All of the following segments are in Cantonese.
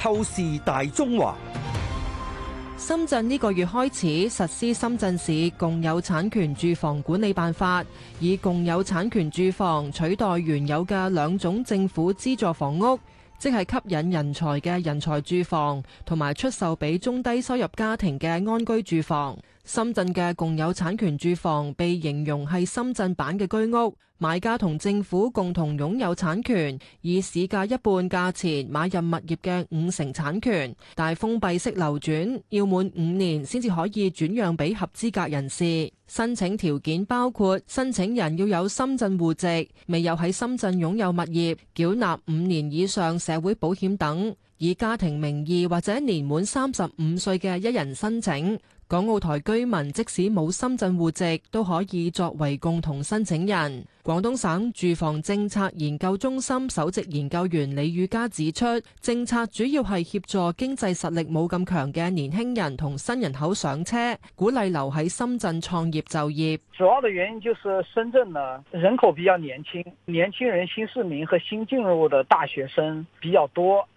透視大中華。深圳呢個月開始實施《深圳市共有產權住房管理辦法》，以共有產權住房取代原有嘅兩種政府資助房屋，即係吸引人才嘅人才住房，同埋出售俾中低收入家庭嘅安居住房。深圳嘅共有產權住房被形容係深圳版嘅居屋，買家同政府共同擁有產權，以市價一半價錢買入物業嘅五成產權，大封閉式流轉，要滿五年先至可以轉讓俾合資格人士。申請條件包括申請人要有深圳戶籍，未有喺深圳擁有物業，繳納五年以上社會保險等，以家庭名義或者年滿三十五歲嘅一人申請。港澳台居民即使冇深圳戶籍，都可以作為共同申請人。廣東省住房政策研究中心首席研究員李宇嘉指出，政策主要係協助經濟實力冇咁強嘅年輕人同新人口上車，鼓勵留喺深圳創業就業。主要的原因就是深圳呢，人口比較年輕，年輕人、新市民和新進入的大學生比較多。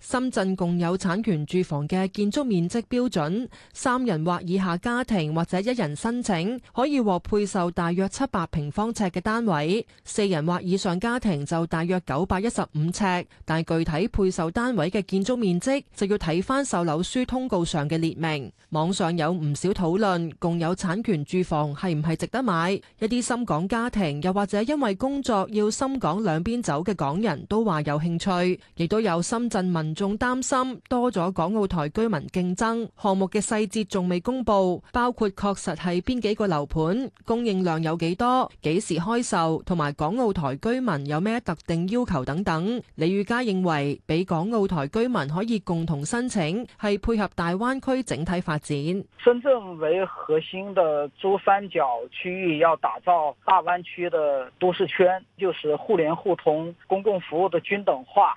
深圳共有產權住房嘅建築面積標準，三人或以下家庭或者一人申請可以獲配售大約七百平方尺嘅單位，四人或以上家庭就大約九百一十五尺。但具體配售單位嘅建築面積就要睇返售樓書通告上嘅列明。網上有唔少討論共有產權住房係唔係值得買，一啲深港家庭又或者因為工作要深港兩邊走嘅港人都話有興趣，亦都有深圳問。民眾擔心多咗港澳台居民競爭，項目嘅細節仲未公布，包括確實係邊幾個樓盤、供應量有幾多、幾時開售，同埋港澳台居民有咩特定要求等等。李宇嘉認為，俾港澳台居民可以共同申請，係配合大灣區整體發展。深圳為核心嘅珠三角區域要打造大灣區的都市圈，就是互聯互通、公共服務的均等化。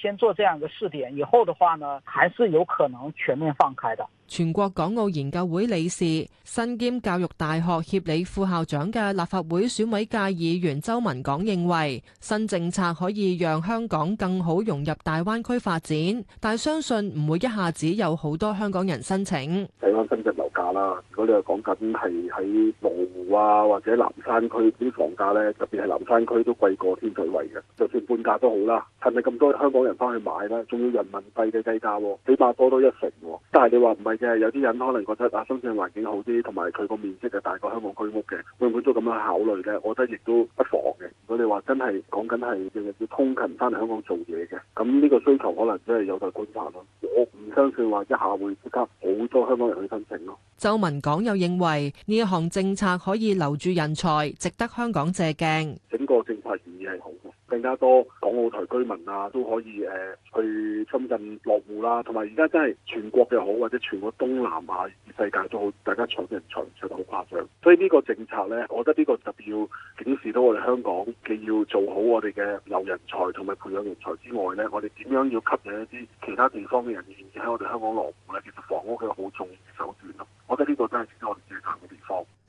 先做這樣一個試點，以後的話呢，還是有可能全面放開的。全國港澳研究會理事、身兼教育大學協理副校長嘅立法會選委界議員周文港認為，新政策可以讓香港更好融入大灣區發展，但係相信唔會一下子有好多香港人申請。睇翻深圳樓價啦，如果你係講緊係喺羅湖啊或者南山區啲房價呢，特別係南山區都貴過天水圍嘅，就算半價都好啦，係咪咁多香港人？人翻去買啦，仲要人民幣嘅計價喎，起碼多咗一成喎。但係你話唔係嘅，有啲人可能覺得啊，深圳環境好啲，同埋佢個面積係大過香港居屋嘅，會唔會都咁樣考慮咧？我覺得亦都不妨嘅。如果你話真係講緊係要通勤翻嚟香港做嘢嘅，咁呢個需求可能真係有待觀察咯。我唔相信話一下會即刻好多香港人去申請咯。周文港又認為呢一項政策可以留住人才，值得香港借鏡。整個政策意義係好。更加多港澳台居民啊，都可以誒、呃、去深圳落戶啦。同埋而家真係全國嘅好，或者全國東南亞世界都好，大家搶人才搶得好誇張。所以呢個政策咧，我覺得呢個特別要警示到我哋香港，既要做好我哋嘅留人才同埋培養人才之外咧，我哋點樣要吸引一啲其他地方嘅人願意喺我哋香港落戶咧？其實房屋佢好重要嘅手段咯。我覺得呢個真係。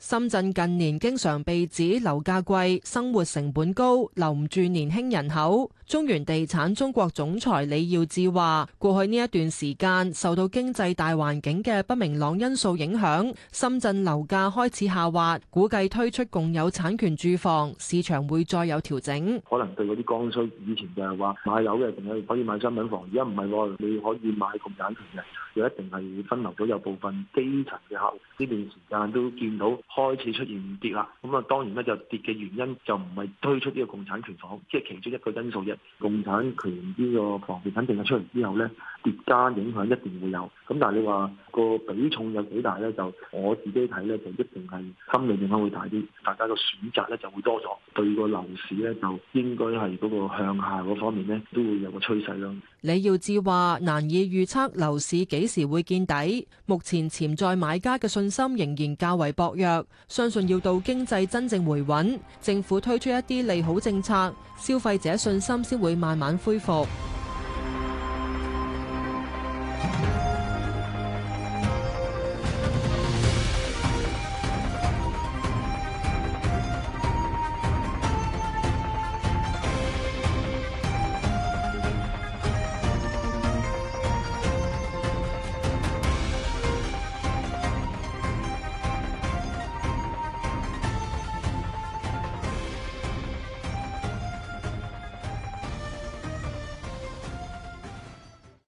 深圳近年經常被指樓價貴、生活成本高、留唔住年輕人口。中原地產中國總裁李耀智話：過去呢一段時間受到經濟大環境嘅不明朗因素影響，深圳樓價開始下滑。估計推出共有產權住房市場會再有調整。可能對嗰啲剛需，以前就係話買樓嘅，朋友可以可以買商品房，而家唔係，你可以買共產權嘅，又一定係分流咗有部分基層嘅客戶。呢段時間都見到。開始出現跌啦，咁啊當然咧，就跌嘅原因就唔係推出呢個共產權房，即係其中一個因素啫。共產權呢個房地產政策出嚟之後咧。疊加影響一定會有，咁但係你話個比重有幾大咧？就我自己睇咧，就一定係心理影響會大啲，大家個選擇咧就會多咗，對個樓市咧就應該係嗰個向下嗰方面咧都會有個趨勢咯。李耀智話難以預測樓市幾時會見底，目前潛在買家嘅信心仍然較為薄弱，相信要到經濟真正回穩，政府推出一啲利好政策，消費者信心先會慢慢恢復。